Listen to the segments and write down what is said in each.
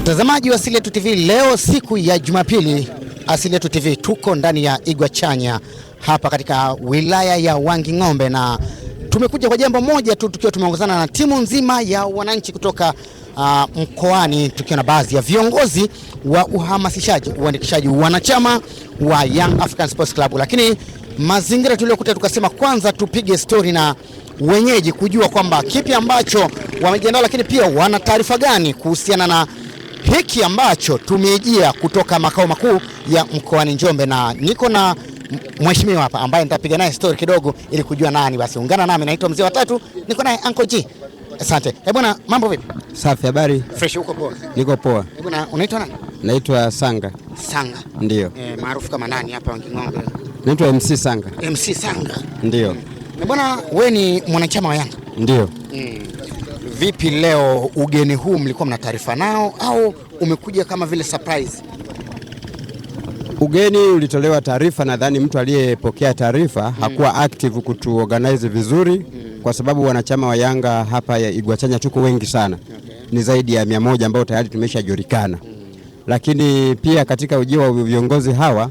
Mtazamaji wa Asili Yetu TV, leo siku ya Jumapili, Asili Yetu TV tuko ndani ya chanya hapa katika wilaya ya wangi ng'ombe na tumekuja kwa jambo moja tu, tukiwa tumeongozana na timu nzima ya wananchi kutoka uh, mkoani, tukiwa na baadhi ya viongozi wa uhamasishaji, uandikishaji wanachama wa Young African Sports Club, lakini mazingira tuliyokuta, tukasema kwanza tupige stori na wenyeji kujua kwamba kipi ambacho wamejiandaa, lakini pia wana taarifa gani kuhusiana na hiki ambacho tumeijia kutoka makao makuu ya mkoani Njombe, na niko na mheshimiwa hapa ambaye nitapiga naye story kidogo ili kujua nani. Basi ungana nami, naitwa mzee wa tatu, niko naye Uncle G. Asante. Eh bwana, mambo vipi? Safi, habari? Fresh, uko poa? Niko poa. Eh bwana, unaitwa nani? Naitwa Sanga. Sanga. Ndio. Eh, maarufu kama nani hapa Wanging'ombe? Naitwa MC Sanga. MC Sanga. Ndio. Eh bwana, wewe ni mwanachama wa Yanga? Ndio. Mm. Vipi leo ugeni huu mlikuwa mna taarifa nao au umekuja kama vile surprise? Ugeni ulitolewa taarifa, nadhani mtu aliyepokea taarifa mm. hakuwa active kutuorganize vizuri mm. kwa sababu wanachama wa Yanga hapa ya Igwachanya tuko wengi sana okay. ni zaidi ya mia moja ambao tayari tumeshajulikana mm. lakini pia katika ujio wa viongozi hawa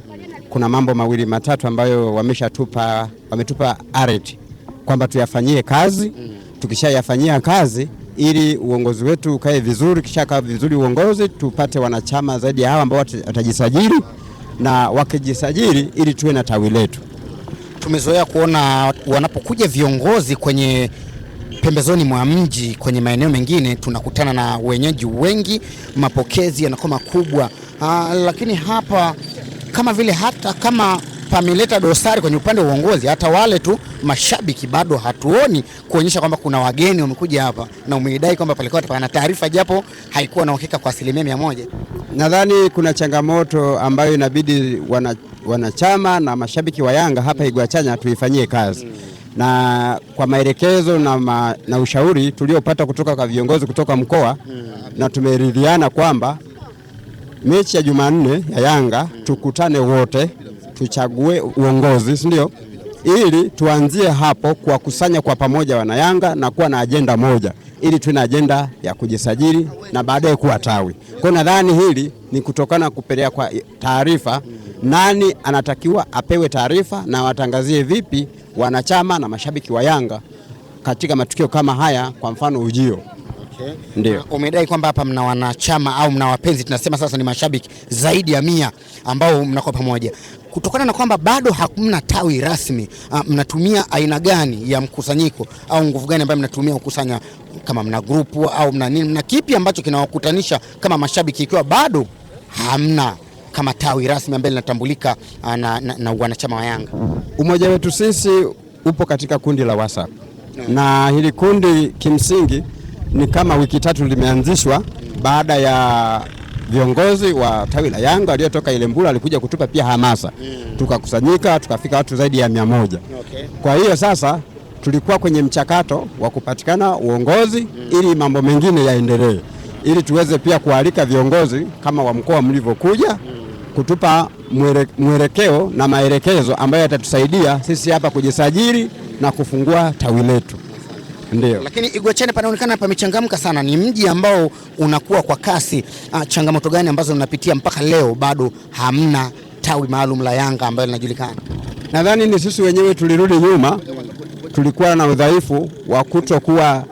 kuna mambo mawili matatu ambayo wameshatupa wametupa areti kwamba tuyafanyie kazi mm. tukishayafanyia kazi ili uongozi wetu ukae vizuri. Kisha kaa vizuri uongozi, tupate wanachama zaidi ya hawa ambao watajisajili, na wakijisajili, ili tuwe na tawi letu. Tumezoea kuona wanapokuja viongozi kwenye pembezoni mwa mji, kwenye maeneo mengine, tunakutana na wenyeji wengi, mapokezi yanakuwa makubwa, ah, lakini hapa kama vile hata kama pameleta dosari kwenye upande wa uongozi. Hata wale tu mashabiki bado hatuoni kuonyesha kwamba kuna wageni wamekuja hapa, na umeidai kwamba palikuwa pana taarifa japo haikuwa na uhakika kwa asilimia mia moja. Nadhani kuna changamoto ambayo inabidi wana, wanachama na mashabiki wa Yanga hapa Igwachanya tuifanyie kazi na kwa maelekezo na, ma, na ushauri tuliopata kutoka kwa viongozi kutoka mkoa Na tumeridhiana kwamba mechi ya Jumanne ya Yanga tukutane wote tuchague uongozi, si ndio? Ili tuanzie hapo kuwakusanya kwa pamoja wanayanga na kuwa na ajenda moja, ili tuwe na ajenda ya kujisajili na baadaye kuwa tawi. Kwa nadhani hili ni kutokana kupelea kwa taarifa, nani anatakiwa apewe taarifa na watangazie vipi wanachama na mashabiki wa Yanga katika matukio kama haya, kwa mfano ujio Okay. Ndio. Umedai kwamba hapa mna wanachama au mna wapenzi, tunasema sasa ni mashabiki zaidi ya mia ambao mnakuwa pamoja kutokana na kwamba bado hakuna tawi rasmi uh, mnatumia aina gani ya mkusanyiko au nguvu gani ambayo mnatumia kukusanya, kama mna grupu au mna nini, mna kipi ambacho kinawakutanisha kama mashabiki, ikiwa bado hamna kama tawi rasmi ambayo linatambulika uh, na, na, na wanachama wa Yanga? Umoja wetu sisi upo katika kundi la WhatsApp Na hili kundi kimsingi ni kama wiki tatu limeanzishwa baada ya viongozi wa tawi la Yanga waliotoka Ilembula walikuja kutupa pia hamasa mm. Tukakusanyika tukafika watu zaidi ya mia moja okay. Kwa hiyo sasa tulikuwa kwenye mchakato wa kupatikana uongozi mm. ili mambo mengine yaendelee, ili tuweze pia kualika viongozi kama wa mkoa mlivyokuja mm. kutupa mwere, mwelekeo na maelekezo ambayo yatatusaidia sisi hapa kujisajili na kufungua tawi letu. Ndiyo. Lakini Igwachene panaonekana pamechangamka sana, ni mji ambao unakuwa kwa kasi. Ah, changamoto gani ambazo unapitia mpaka leo bado hamna tawi maalum la Yanga ambayo linajulikana? Nadhani ni sisi wenyewe tulirudi nyuma, tulikuwa na udhaifu wa kutokuwa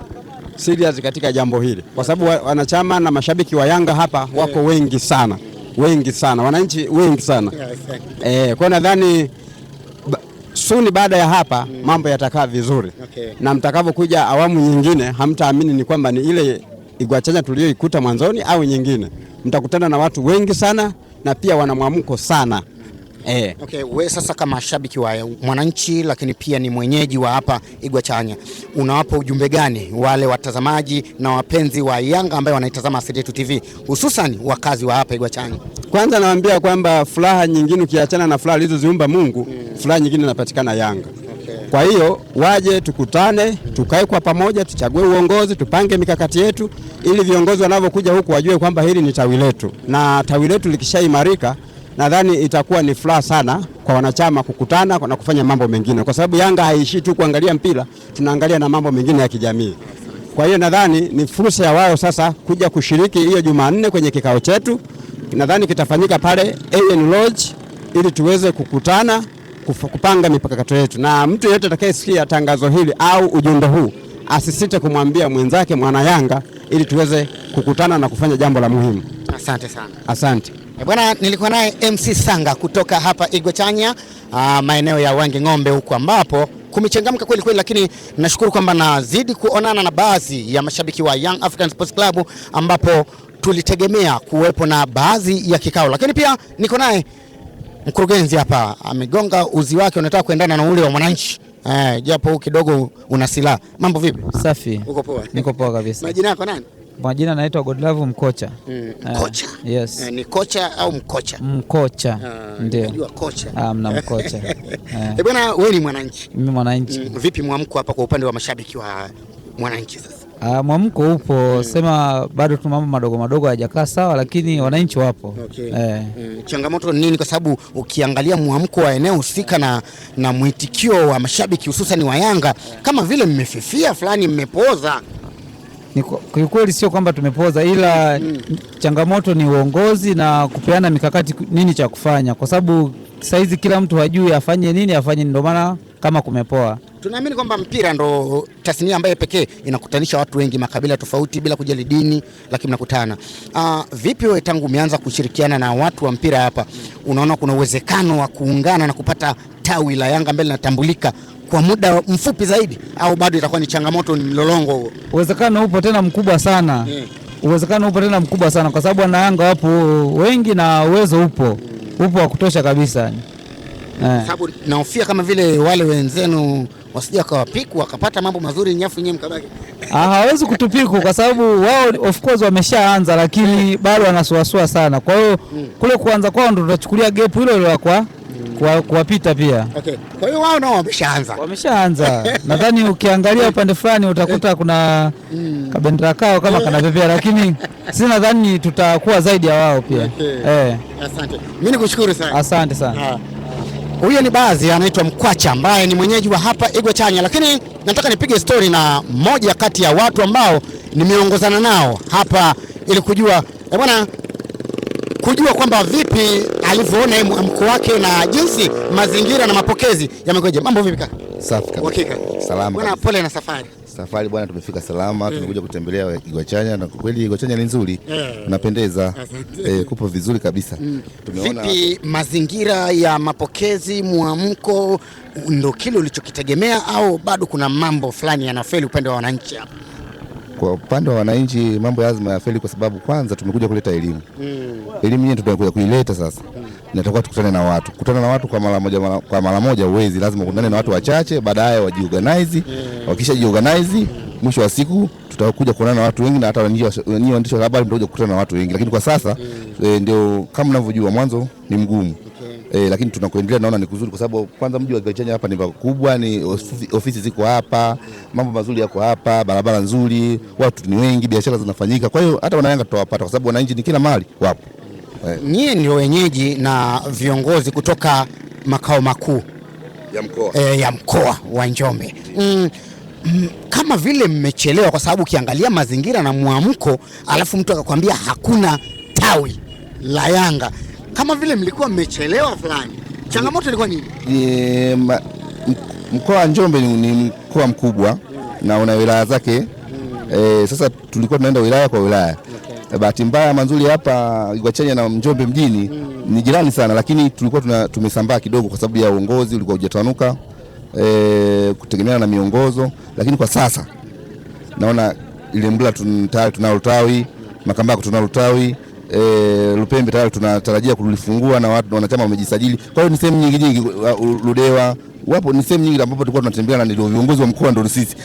serious katika jambo hili, kwa sababu wanachama na mashabiki wa Yanga hapa wako wengi sana, wengi sana, wananchi wengi sana eh, kwa nadhani suni baada ya hapa mm. mambo yatakaa vizuri okay. na mtakavyokuja awamu nyingine hamtaamini ni kwamba ni ile Igwachanya tuliyoikuta mwanzoni au nyingine, mtakutana na watu wengi sana na pia wana mwamko sana. Eh. Okay, we sasa kama shabiki wa Mwananchi lakini pia ni mwenyeji wa hapa Igwachanya, unawapa ujumbe gani wale watazamaji na wapenzi wa Yanga ambao wanaitazama Asili Yetu TV hususan wakazi wa hapa Igwachanya? Kwanza nawaambia kwamba furaha nyingine ukiachana na furaha alizoziumba Mungu hmm. furaha nyingine inapatikana Yanga kwa hiyo waje tukutane, tukae kwa pamoja, tuchague uongozi, tupange mikakati yetu, ili viongozi wanavyokuja huku wajue kwamba hili ni tawi letu, na tawi letu likishaimarika nadhani itakuwa ni furaha sana kwa wanachama kukutana na kufanya mambo mengine, kwa sababu Yanga haiishii tu kuangalia mpira, tunaangalia na mambo mengine ya kijamii. Kwa hiyo nadhani ni fursa ya wao sasa kuja kushiriki hiyo Jumanne kwenye kikao chetu, nadhani kitafanyika pale AN Lodge ili tuweze kukutana kupanga mipakato yetu, na mtu yeyote atakayesikia tangazo hili au ujumbe huu asisite kumwambia mwenzake mwana Yanga ili tuweze kukutana na kufanya jambo la muhimu. Asante sana. Asante. Eh, bwana, nilikuwa naye MC Sanga kutoka hapa Igwetania, ah, maeneo ya Wange Ng'ombe huku ambapo kumechangamka kweli kweli, lakini nashukuru kwamba nazidi kuonana na baadhi ya mashabiki wa Young African Sports Club ambapo tulitegemea kuwepo na baadhi ya kikao, lakini pia niko naye mkurugenzi hapa, amegonga ah, uzi wake unataka kuendana na ule wa Mwananchi. Eh, japo huu kidogo una silaha. Mambo vipi? Safi. Uko poa? Niko poa kabisa. Majina yako nani? Kwa jina naitwa Godlove Mkocha. Mm, eh, Mkocha. Uh, yes. Uh, ni kocha au Mkocha? Mkocha. Uh, ndio. Unajua kocha. Ah, mna Mkocha. Eh. eh, bwana wewe ni mwananchi. Mimi mwananchi. Mm, vipi mwamko hapa kwa upande wa mashabiki wa mwananchi sasa? Uh, mwamko upo mm. Sema bado tu mambo madogo madogo hayajakaa sawa, lakini mm. wananchi wapo okay. Eh. Mm. Changamoto ni nini? Kwa sababu ukiangalia mwamko wa eneo husika na, na mwitikio wa mashabiki hususan wa Yanga kama vile mmefifia fulani, mmepoza kiukweli sio kwamba tumepoza, ila mm. changamoto ni uongozi na kupeana mikakati, nini cha kufanya, kwa sababu saizi kila mtu hajui afanye nini afanye, ndio maana kama kumepoa. Tunaamini kwamba mpira ndo tasnia ambayo pekee inakutanisha watu wengi makabila tofauti bila kujali dini, lakini mnakutana. Uh, vipi wewe tangu umeanza kushirikiana na watu wa mpira hapa, unaona kuna uwezekano wa kuungana na kupata tawi la Yanga ambalo linatambulika kwa muda mfupi zaidi, au bado itakuwa ni changamoto, ni mlolongo huo? Uwezekano upo tena mkubwa sana yeah. Uwezekano upo tena mkubwa sana kwa sababu wanayanga Yanga wapo wengi na uwezo upo upo wa kutosha kabisa yeah. Sababu naofia kama vile wale wenzenu wasije wakawapiku wakapata mambo mazuri nyafu nyewe mkabaki. Hawezi ah, kutupiku kwa sababu wao of course wameshaanza, lakini bado wanasuasua sana. Kwa hiyo hmm. kule kuanza kwao ndo tutachukulia gap hilo hilo kwa kuwapita pia. Okay. Kwa hiyo wao nao wameshaanza, wameshaanza nadhani ukiangalia upande fulani utakuta kuna mm. kabendera kao kama kanapepea, lakini si nadhani tutakuwa zaidi ya wao pia. Okay. Eh. Asante. Mimi nikushukuru sana. Asante sana. Ah. Huyo ni baadhi anaitwa Mkwacha ambaye ni mwenyeji wa hapa Igwe Chanya, lakini nataka nipige stori na moja kati ya watu ambao nimeongozana nao hapa ili kujua eh, bwana kujua kwamba vipi alivyoona yeye mwamko wake na jinsi mazingira na mapokezi yamekuja. Mambo vipi kaka? Safi kaka. Hakika. Salama. Bwana pole na safari. Safari bwana, tumefika salama. Eh. Tumekuja kutembelea Igwachanya na kweli Igwachanya ni nzuri, unapendeza. Eh. eh, kupo vizuri kabisa. Mm. Tumeona vipi mazingira ya mapokezi, mwamko, ndo kile ulichokitegemea au bado kuna mambo fulani yanafeli upande wa wananchi hapa? Kwa upande wa wananchi, mambo ya azma yafeli, kwa sababu kwanza tumekuja kuleta elimu. Mm. Elimu yenyewe tunakuja kuileta sasa. Mm natakuwa tukutane na watu. Kutana na watu kwa mara moja, kwa mara moja huwezi, lazima ukutane na watu wachache, baadaye wajiorganize. Wakisha Wakishajiorganize, mwisho wa siku tutakuja kuonana na watu wengi, na hata nyinyi waandishi wa habari mtakuja kukutana na watu wengi, lakini kwa sasa e, ndio kama mnavyojua mwanzo ni mgumu E, lakini tunakuendelea naona ni kuzuri kwa sababu kwanza mji wa Kiwanja hapa ni kubwa, ni ofisi, ofisi ziko hapa, mambo mazuri yako hapa, barabara nzuri, watu ni wengi, biashara zinafanyika. Kwa hiyo hata wanayanga tutawapata kwa sababu wananchi ni kila mahali wapo. Eh. Nyie ndio wenyeji na viongozi kutoka makao makuu ya mkoa e, ya mkoa wa Njombe mm, mm, kama vile mmechelewa, kwa sababu ukiangalia mazingira na mwamko, alafu mtu akakwambia hakuna tawi la Yanga, kama vile mlikuwa mmechelewa fulani. Changamoto ilikuwa nini? E, mkoa wa Njombe ni, ni mkoa mkubwa na una wilaya zake mm. E, sasa tulikuwa tunaenda wilaya kwa wilaya Eh, bahati mbaya mazuri hapa Igwachanya na Njombe mjini mm. ni jirani sana, lakini tulikuwa tuna, tumesambaa kidogo kwa sababu ya uongozi ulikuwa hujatanuka e, kutegemeana na miongozo, lakini kwa sasa naona Ilembula tayari tuna utawi Makambako tuna utawi E, eh, Lupembe tayari tunatarajia kulifungua na watu wanachama wamejisajili. Kwa hiyo ni sehemu nyingi nyingi, uh, uh, Ludewa wapo, ni sehemu nyingi ambapo tulikuwa tunatembea na ndio viongozi wa mkoa ndio sisi,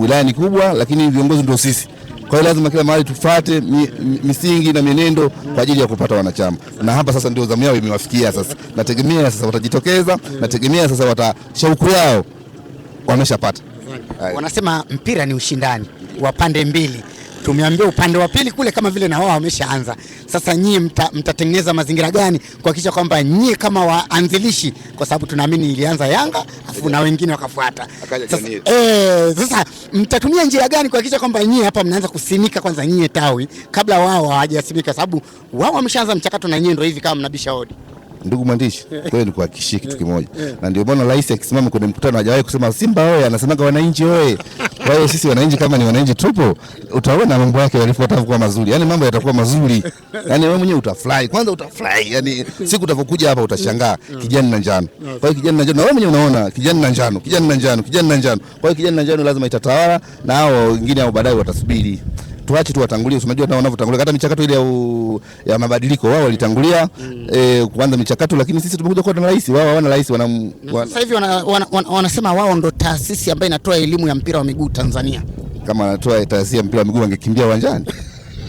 wilaya ni kubwa, lakini viongozi ndio sisi. Kwa hiyo lazima kila mahali tufate mi, misingi na mienendo kwa ajili ya kupata wanachama, na hapa sasa ndio zamu yao imewafikia sasa. Nategemea sasa watajitokeza, nategemea sasa wata shauku yao wameshapata. Wanasema mpira ni ushindani wa pande mbili tumeambiwa upande wa pili kule kama vile na wao wameshaanza. Sasa nyie mtatengeneza mta mazingira gani kuhakikisha kwamba nyie kama waanzilishi, kwa sababu tunaamini ilianza Yanga afu na wengine wakafuata. Sasa, e, sasa mtatumia njia gani kuhakikisha kwamba nyie hapa mnaanza kusimika kwanza nyie tawi kabla wao hawajasimika, sababu wao wameshaanza mchakato na nyie ndio hivi kama mnabisha hodi. Ndugu mwandishi, wewe nikuhakikishie kitu kimoja, na ndio maana rais akisimama kwenye mkutano hajawahi kusema Simba oye, anasemaga wananchi oye. Kwa hiyo sisi wananchi kama ni wananchi tupo, utaona mambo yake yatakuwa mazuri, yani mambo yatakuwa mazuri, yani wewe mwenyewe utafurahi, kwanza utafurahi, yani siku utakapokuja hapa utashangaa, kijani na njano. Kwa hiyo kijani na njano, na wewe mwenyewe unaona kijani na njano, kijani na njano, kijani na njano. Kwa hiyo kijani na njano lazima itatawala, na hao wengine hao baadaye watasubiri tuache tu watangulie, unajua na wanavyotangulia hata michakato ile ya, u, ya mabadiliko wao walitangulia mm. eh, kuanza michakato, lakini sisi tumekuja kuwa na rais, wao hawana rais. Wana sasa hivi wanasema wana, wana, wana, wana wao ndo taasisi ambayo inatoa elimu ya mpira wa miguu Tanzania. Kama anatoa taasisi ya mpira wa miguu angekimbia uwanjani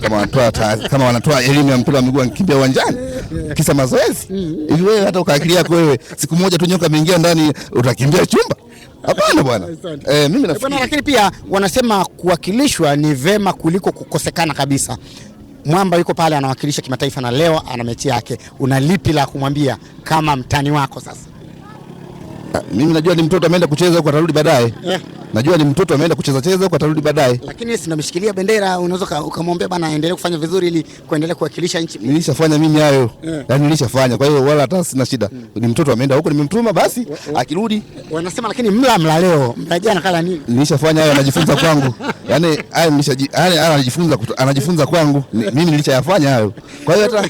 kama wanatoa kama wanatoa elimu ya mpira wa miguu akimbia uwanjani kisa mazoezi hivi, wewe hata ukaakilia yako wewe, siku moja tu nyoka ameingia ndani, utakimbia chumba? Hapana bwana. Eh, mimi eh, nafikiri bwana, lakini pia wanasema kuwakilishwa ni vema kuliko kukosekana kabisa. Mwamba yuko pale anawakilisha kimataifa na leo ana mechi yake, una lipi la kumwambia kama mtani wako sasa? Ah, mimi najua ni mtoto ameenda kucheza huko atarudi baadaye. Yeah. Najua ni mtoto ameenda kucheza cheza huko atarudi baadaye. Lakini si unamshikilia bendera, unaweza ukamwambia bana aendelee kufanya vizuri ili kuendelea kuwakilisha nchi. Nilishafanya mimi hayo. Yeah. Yaani nilishafanya. Kwa hiyo wala hata sina shida. Mm. Ni mtoto ameenda huko nimemtuma basi yeah, akirudi. Wanasema lakini mla mla leo, mla jana kala nini? Nilishafanya hayo anajifunza kwangu. Yaani haya haya anajifunza anajifunza kwangu. Mimi nilishayafanya hayo. Kwa hiyo hata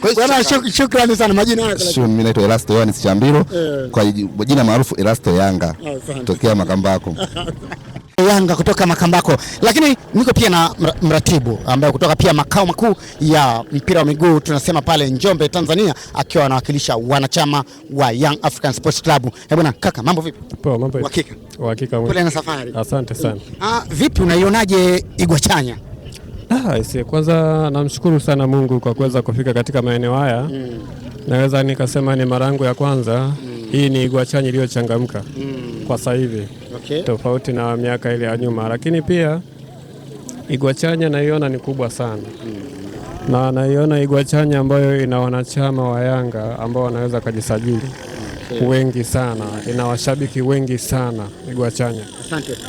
Kwa hiyo shukrani sana majina yako. Mimi naitwa Erasto Yohanes Chambiro. Yeah kwa jina maarufu Erasto Yanga tokea Makambako Yanga kutoka Makambako, lakini niko pia na mratibu ambaye kutoka pia makao makuu ya mpira wa miguu tunasema pale Njombe, Tanzania, akiwa anawakilisha wanachama wa Young African Sports Club. Eh bwana kaka, mambo vipi? Poa, mambo hakika. Hakika. Pole na safari. Asante sana. Ah, vipi unaionaje Igwachanya? Ah, isi, kwanza namshukuru sana Mungu kwa kuweza kufika katika maeneo haya mm. Naweza nikasema ni marangu ya kwanza mm hii ni Igwachanya iliyochangamka mm. kwa sasa hivi okay. tofauti na miaka ile ya nyuma, lakini pia Igwachanya naiona ni kubwa sana mm. na naiona Igwachanya ambayo ina wanachama wa Yanga ambao wanaweza kujisajili okay. wengi sana, ina washabiki wengi sana Igwachanya.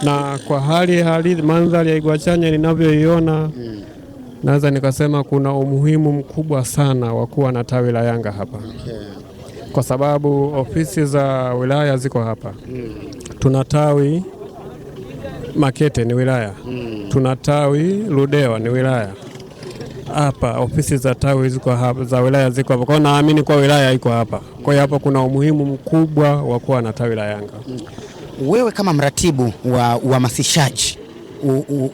na kwa hali hali mandhari ya Igwachanya ninavyoiona mm. naweza nikasema kuna umuhimu mkubwa sana wa kuwa na tawi la Yanga hapa okay kwa sababu ofisi za wilaya ziko hapa. Hmm. Tuna tawi Makete ni wilaya, hmm. tuna tawi Ludewa ni wilaya hapa ofisi za tawi ziko hapa, za wilaya ziko hapa. Kwa hiyo naamini kwa wilaya iko hapa, kwa hiyo hapa kuna umuhimu mkubwa wa kuwa na tawi la Yanga. Hmm. Wewe kama mratibu wa uhamasishaji,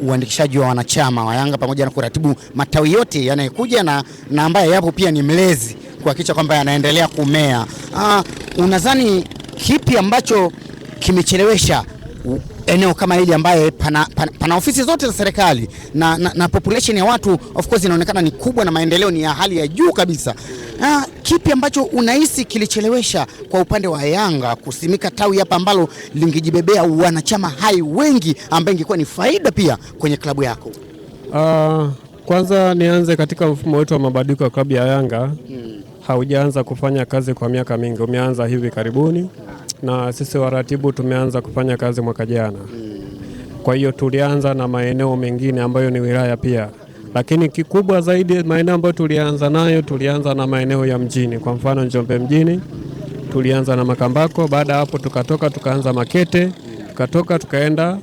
uandikishaji wa wanachama wa Yanga pamoja na kuratibu matawi yote yanayokuja na, na ambaye yapo pia ni mlezi kuhakikisha kwamba yanaendelea kumea. Ah, unadhani kipi ambacho kimechelewesha eneo kama hili ambaye pana, pana, pana ofisi zote za serikali na, na, na population ya watu of course inaonekana ni kubwa na maendeleo ni ya hali ya juu kabisa. Ah, kipi ambacho unahisi kilichelewesha kwa upande wa Yanga kusimika tawi hapa ambalo lingejibebea wanachama hai wengi ambaye ingekuwa ni faida pia kwenye klabu yako? Uh, kwanza nianze katika mfumo wetu wa mabadiliko ya klabu ya Yanga hmm haujaanza kufanya kazi kwa miaka mingi, umeanza hivi karibuni, na sisi waratibu tumeanza kufanya kazi mwaka jana. Kwa hiyo tulianza na maeneo mengine ambayo ni wilaya pia, lakini kikubwa zaidi maeneo ambayo tulianza nayo, tulianza na maeneo ya mjini, kwa mfano Njombe mjini tulianza na Makambako. Baada ya hapo, tukatoka tukaanza Makete, tukatoka tukaenda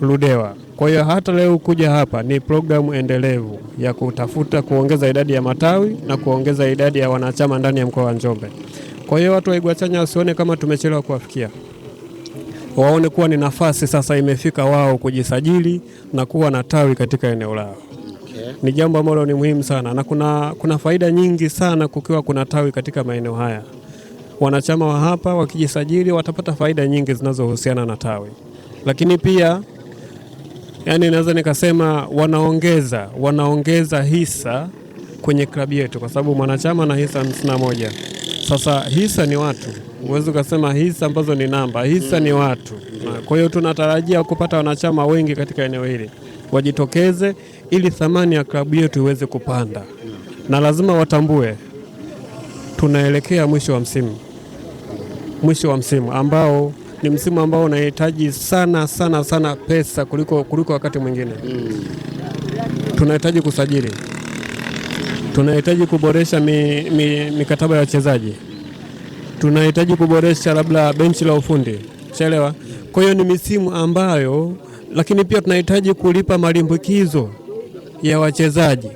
Ludewa. Kwa hiyo hata leo kuja hapa ni programu endelevu ya kutafuta kuongeza idadi ya matawi na kuongeza idadi ya wanachama ndani ya mkoa wa Njombe. Kwa hiyo watu wa Igwachanya wasione kama tumechelewa kuwafikia, waone kuwa ni nafasi sasa imefika wao kujisajili na kuwa na tawi katika eneo lao. Okay. Ni jambo ambalo ni muhimu sana na kuna, kuna faida nyingi sana kukiwa kuna tawi katika maeneo haya. Wanachama wa hapa wakijisajili watapata faida nyingi zinazohusiana na tawi, lakini pia yani naweza nikasema wanaongeza wanaongeza hisa kwenye klabu yetu, kwa sababu mwanachama na hisa hamsini na moja. Sasa hisa ni watu, huwezi ukasema hisa ambazo ni namba, hisa ni watu. Kwa hiyo tunatarajia kupata wanachama wengi katika eneo hili, wajitokeze ili thamani ya klabu yetu iweze kupanda, na lazima watambue tunaelekea mwisho wa msimu, mwisho wa msimu ambao ni msimu ambao unahitaji sana sana sana pesa kuliko, kuliko wakati mwingine mm. Tunahitaji kusajili, tunahitaji kuboresha mi, mi, mikataba ya wachezaji, tunahitaji kuboresha labda benchi la ufundi, shaelewa. Kwa hiyo ni misimu ambayo, lakini pia tunahitaji kulipa malimbukizo ya wachezaji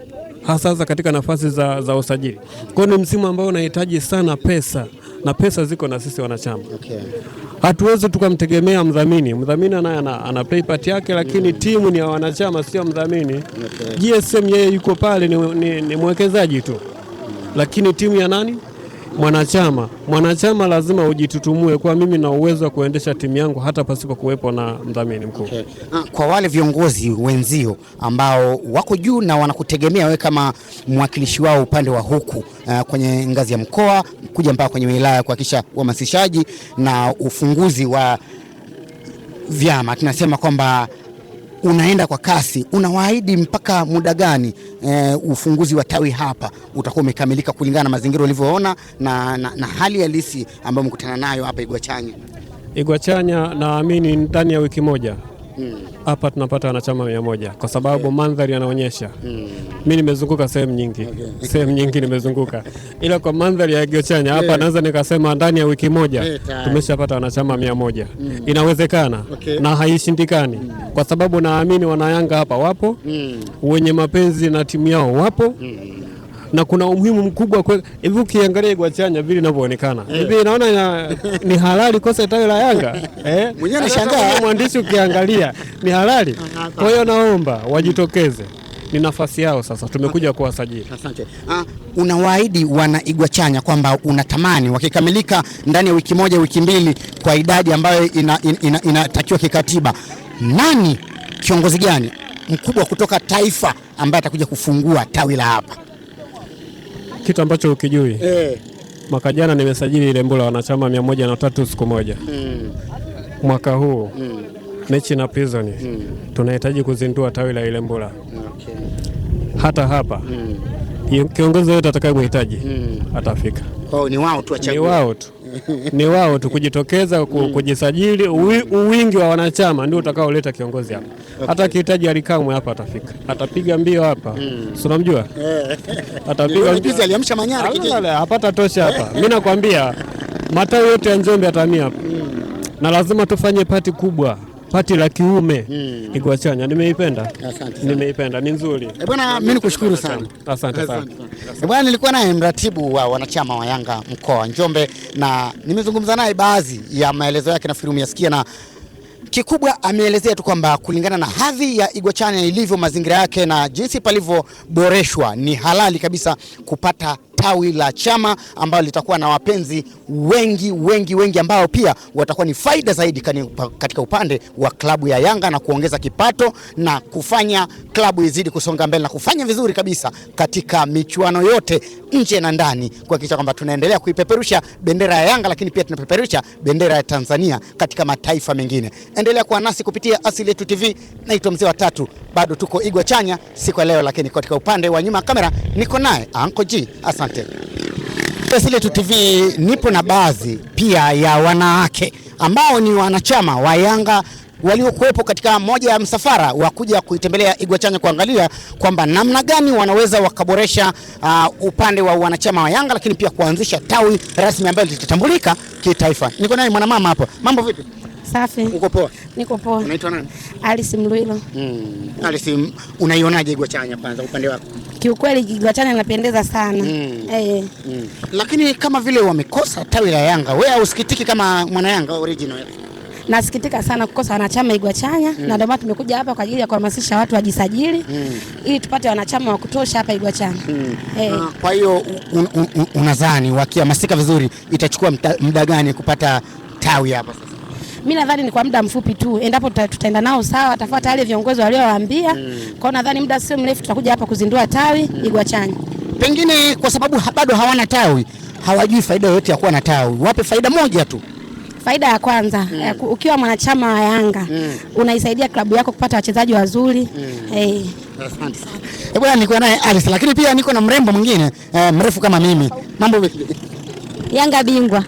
hasa hasa katika nafasi za, za usajili. Kwa hiyo ni msimu ambao unahitaji sana pesa na pesa ziko na sisi wanachama okay hatuwezi tukamtegemea mdhamini. Mdhamini naye ana, ana play part yake, lakini mm. timu ni ya wanachama, sio mdhamini. Okay. GSM yeye yuko pale ni, ni, ni mwekezaji tu, mm. lakini timu ya nani? mwanachama mwanachama lazima ujitutumue kwa mimi na uwezo wa kuendesha timu yangu hata pasipo kuwepo na mdhamini mkuu. Okay. Ah, kwa wale viongozi wenzio ambao wako juu na wanakutegemea wewe kama mwakilishi wao upande wa huku uh, kwenye ngazi ya mkoa kuja mpaka kwenye wilaya kuhakikisha uhamasishaji na ufunguzi wa vyama, tunasema kwamba unaenda kwa kasi, unawaahidi mpaka muda gani e, ufunguzi wa tawi hapa utakuwa umekamilika kulingana na mazingira ulivyoona na, na, na hali halisi ambayo mkutana nayo hapa Igwachanya? Igwachanya naamini ndani ya wiki moja hapa mm. tunapata wanachama mia moja kwa sababu okay. mandhari yanaonyesha mm. mi nimezunguka sehemu nyingi okay. sehemu nyingi nimezunguka, ila kwa mandhari ya Giochanya hapa yeah. naweza nikasema ndani ya wiki moja yeah, tumeshapata wanachama mia moja mm. inawezekana okay. na haishindikani mm. kwa sababu naamini wanayanga hapa wapo mm. wenye mapenzi na timu yao wapo mm na kuna umuhimu mkubwa kwa hivi. Ukiangalia chanya vile inavyoonekana eh. hivi, naona ni halali kosa tawi la Yanga eh, mwenyewe anashangaa mwandishi, ukiangalia ni halali. Kwa hiyo naomba wajitokeze, ni nafasi yao sasa, tumekuja kuwasajili. Asante. Ah, unawaahidi wana Igwachanya kwamba unatamani wakikamilika ndani ya wiki moja wiki mbili kwa idadi ambayo inatakiwa ina, ina, ina kikatiba, nani kiongozi gani mkubwa kutoka taifa ambaye atakuja kufungua tawi la hapa? kitu ambacho ukijui eh. Mwaka jana nimesajili lembu la wanachama mia moja na tatu siku moja mm. Mwaka huu mm. mechi na Prison mm. tunahitaji kuzindua tawi la Ilembula okay. Hata hapa mm. kiongozi yote atakayemhitaji mm. atafika. Oh, ni wao tu, ni wao tu. ni wao tu kujitokeza kujisajili. Uwingi wa wanachama ndio utakaoleta kiongozi hapa. Hata akihitaji alikamwe hapa atafika, atapiga mbio hapa, hmm. si unamjua, aliamsha Manyara, hapata tosha hapa. Mimi nakwambia matawi yote ya Njombe atamia hapa, hmm. na lazima tufanye pati kubwa pati la kiume mm. ni kwa chanya, nimeipenda, nimeipenda ni nzuri eh, bwana. Mimi nikushukuru sana, asante sana eh, bwana. Nilikuwa naye mratibu wa wanachama wa Yanga mkoa wa Njombe na nimezungumza naye baadhi ya maelezo yake, nafikiri umeyasikia na kikubwa ameelezea tu kwamba kulingana na hadhi ya igwachanya ilivyo, mazingira yake na jinsi palivyoboreshwa, ni halali kabisa kupata tawi la chama ambalo litakuwa na wapenzi wengi wengi wengi ambao pia watakuwa ni faida zaidi katika upande wa klabu ya Yanga na kuongeza kipato na kufanya klabu izidi kusonga mbele na kufanya vizuri kabisa katika michuano yote nje na ndani, kuhakikisha kwamba tunaendelea kuipeperusha bendera ya Yanga, lakini pia tunapeperusha bendera ya Tanzania katika mataifa mengine. Endelea kuwa nasi kupitia Asili Yetu TV. Naitwa Mzee wa Tatu, bado tuko Igwa Chanya siku ya leo, lakini katika upande wa nyuma ya kamera niko naye Anko G. Asante. Facility TV nipo na baadhi pia ya wanawake ambao ni wanachama wa Yanga waliokuwepo katika moja ya msafara wa kuja kuitembelea Igwa Chanya kuangalia kwamba namna gani wanaweza wakaboresha uh, upande wa wanachama wa Yanga, lakini pia kuanzisha tawi rasmi ambalo litatambulika kitaifa. Niko naye mwanamama hapa. Mambo vipi? Safi. Uko poa? Niko poa. Unaitwa nani? Alice Mlwilo. Mm. Alice, unaionaje igwachanya kwanza upande wako? Kiukweli Gwachanya inapendeza sana. Mm. Eh. Mm. Lakini kama vile wamekosa tawi la Yanga, wewe hausikitiki kama mwana Yanga original? Nasikitika sana kukosa wanachama Igwachanya mm. na ndio maana tumekuja hapa kwa ajili ya kuhamasisha watu wajisajili mm. ili tupate wanachama wa kutosha hapa Igwachanya mm. hey. Eh. Ah, kwa hiyo un, un, un, unadhani wakihamasika vizuri itachukua muda gani kupata tawi hapa? Mimi nadhani ni kwa muda mfupi tu, endapo tutaenda nao sawa, watafuata yale viongozi waliowaambia. Mm. Kwa nadhani muda sio mrefu tutakuja hapa kuzindua tawi mm. Igwachanya. Pengine kwa sababu bado hawana tawi, hawajui faida yoyote ya kuwa na tawi. Wape faida moja tu. Faida ya kwanza mm. Eh, ukiwa mwanachama wa Yanga mm. unaisaidia klabu yako kupata wachezaji wazuri mm. hey. Eh. Asante sana. Eh, niko naye Alice lakini pia niko na mrembo mwingine eh, mrefu kama mimi. Mambo vipi? Yanga bingwa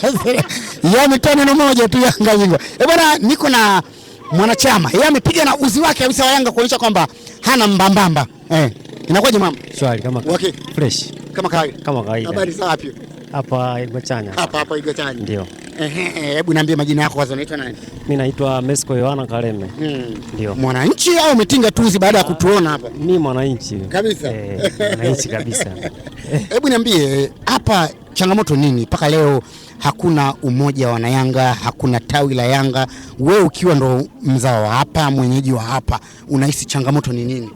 ya mitano moja tu, Yanga bingwa. Eh bwana, niko na mwanachama yeye amepiga na uzi wake kabisa wa Yanga kuonyesha kwamba hana mbambamba. Eh, inakuwaje mama? Swali kama okay. Fresh kama kawaida. Kama kawaida. Habari safi hapa Igwachanya. Hapa hapa Igwachanya. Ndio. Ehe, eh, hebu niambie majina yako kwanza, unaitwa nani? Mimi naitwa Mesco Yohana Kaleme. Hmm. Ndio. Mwananchi au umetinga tuzi baada ya ah, kutuona hapa? Mimi mwananchi. Kabisa. Eh, mwananchi kabisa. Hebu niambie hapa changamoto nini mpaka leo hakuna umoja wa Wanayanga, hakuna tawi la Yanga. Wewe ukiwa ndo mzao wa hapa, mwenyeji wa hapa, unahisi changamoto ni nini?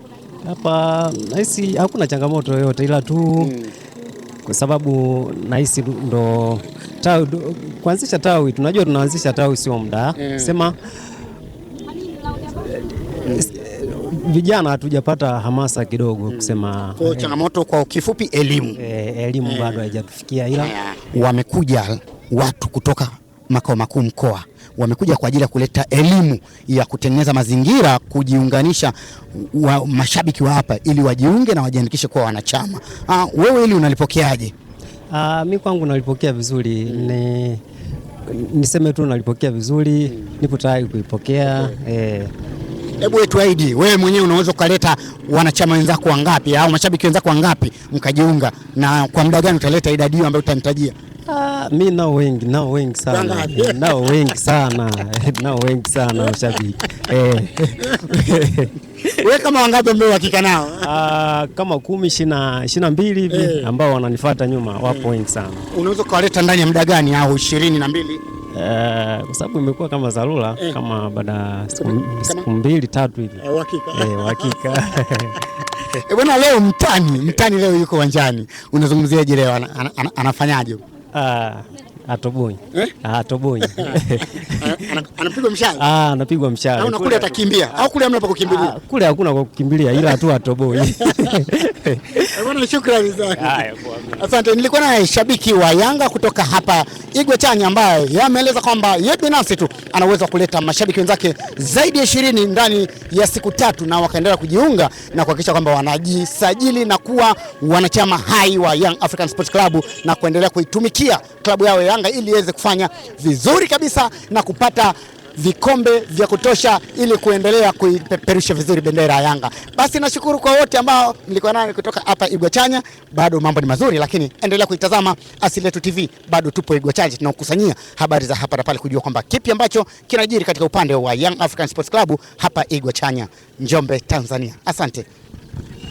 Hapa nahisi hakuna changamoto yoyote ila tu hmm kwa sababu nahisi ndo tawi, kuanzisha tawi, tunajua tunaanzisha tawi sio muda mm. sema vijana hatujapata hamasa kidogo mm. kusema kwa changamoto. Kwa kifupi, elimu eh, elimu eh. bado haijatufikia, ila eh. wamekuja watu kutoka makao makuu mkoa wamekuja kwa ajili ya kuleta elimu ya kutengeneza mazingira kujiunganisha wa mashabiki wa hapa ili wajiunge na wajiandikishe kuwa wanachama. Ah, wewe ili unalipokeaje? Ah, mi kwangu nalipokea vizuri mm. ni niseme tu nalipokea vizuri mm. nipo tayari kuipokea okay. eh. wetu aidi wewe mwenyewe unaweza ukaleta wanachama wenzako wangapi au mashabiki wenzako wangapi mkajiunga, na kwa muda gani utaleta idadi hiyo ambayo utanitajia? Ah, mi nao wengi nao wengi sana nao wengi sana nao wengi sana mashabiki eh. wewe kama wangapi ambao uhakika nao? Ah, kama kumi ishirini na mbili hivi eh. ambao wananifuata nyuma wapo wengi sana. Unaweza ukawaleta ndani ya muda gani au ishirini na mbili? Uh, kwa sababu imekuwa kama dharura eh, kama baada ya siku mbili tatu hivi uhakika. Bwana leo mtani mtani leo yuko uwanjani, unazungumziaje leo? An, an, an, anafanyaje? 哎。Atoboi. Eh? Atoboi. Anapigwa mshale. Ah, anapigwa mshale. Na kule atakimbia. Au kule hamna pa kukimbilia. ah, Kule hakuna kwa kukimbilia ila tu atoboi. Eh, bwana shukrani sana. Asante. Nilikuwa na shabiki wa Yanga kutoka hapa Igwe Chanya ambaye yameeleza kwamba yeye binafsi tu anaweza kuleta mashabiki wenzake zaidi ya ishirini ndani ya siku tatu na wakaendelea kujiunga na kuhakikisha kwamba wanajisajili na kuwa wanachama hai wa Young African Sports Club na kuendelea kuitumikia klabu yao ya Yanga ili iweze kufanya vizuri kabisa na kupata vikombe vya kutosha ili kuendelea kuipeperusha vizuri bendera ya Yanga. Basi nashukuru kwa wote ambao mlikuwa nani kutoka hapa Igwachanya. Bado mambo ni mazuri, lakini endelea kuitazama Asili Yetu TV. Bado tupo Igwachanya, tunakusanyia habari za hapa na pale kujua kwamba kipi ambacho kinajiri katika upande wa Young African Sports Club hapa Igwachanya, Njombe, Tanzania. Asante.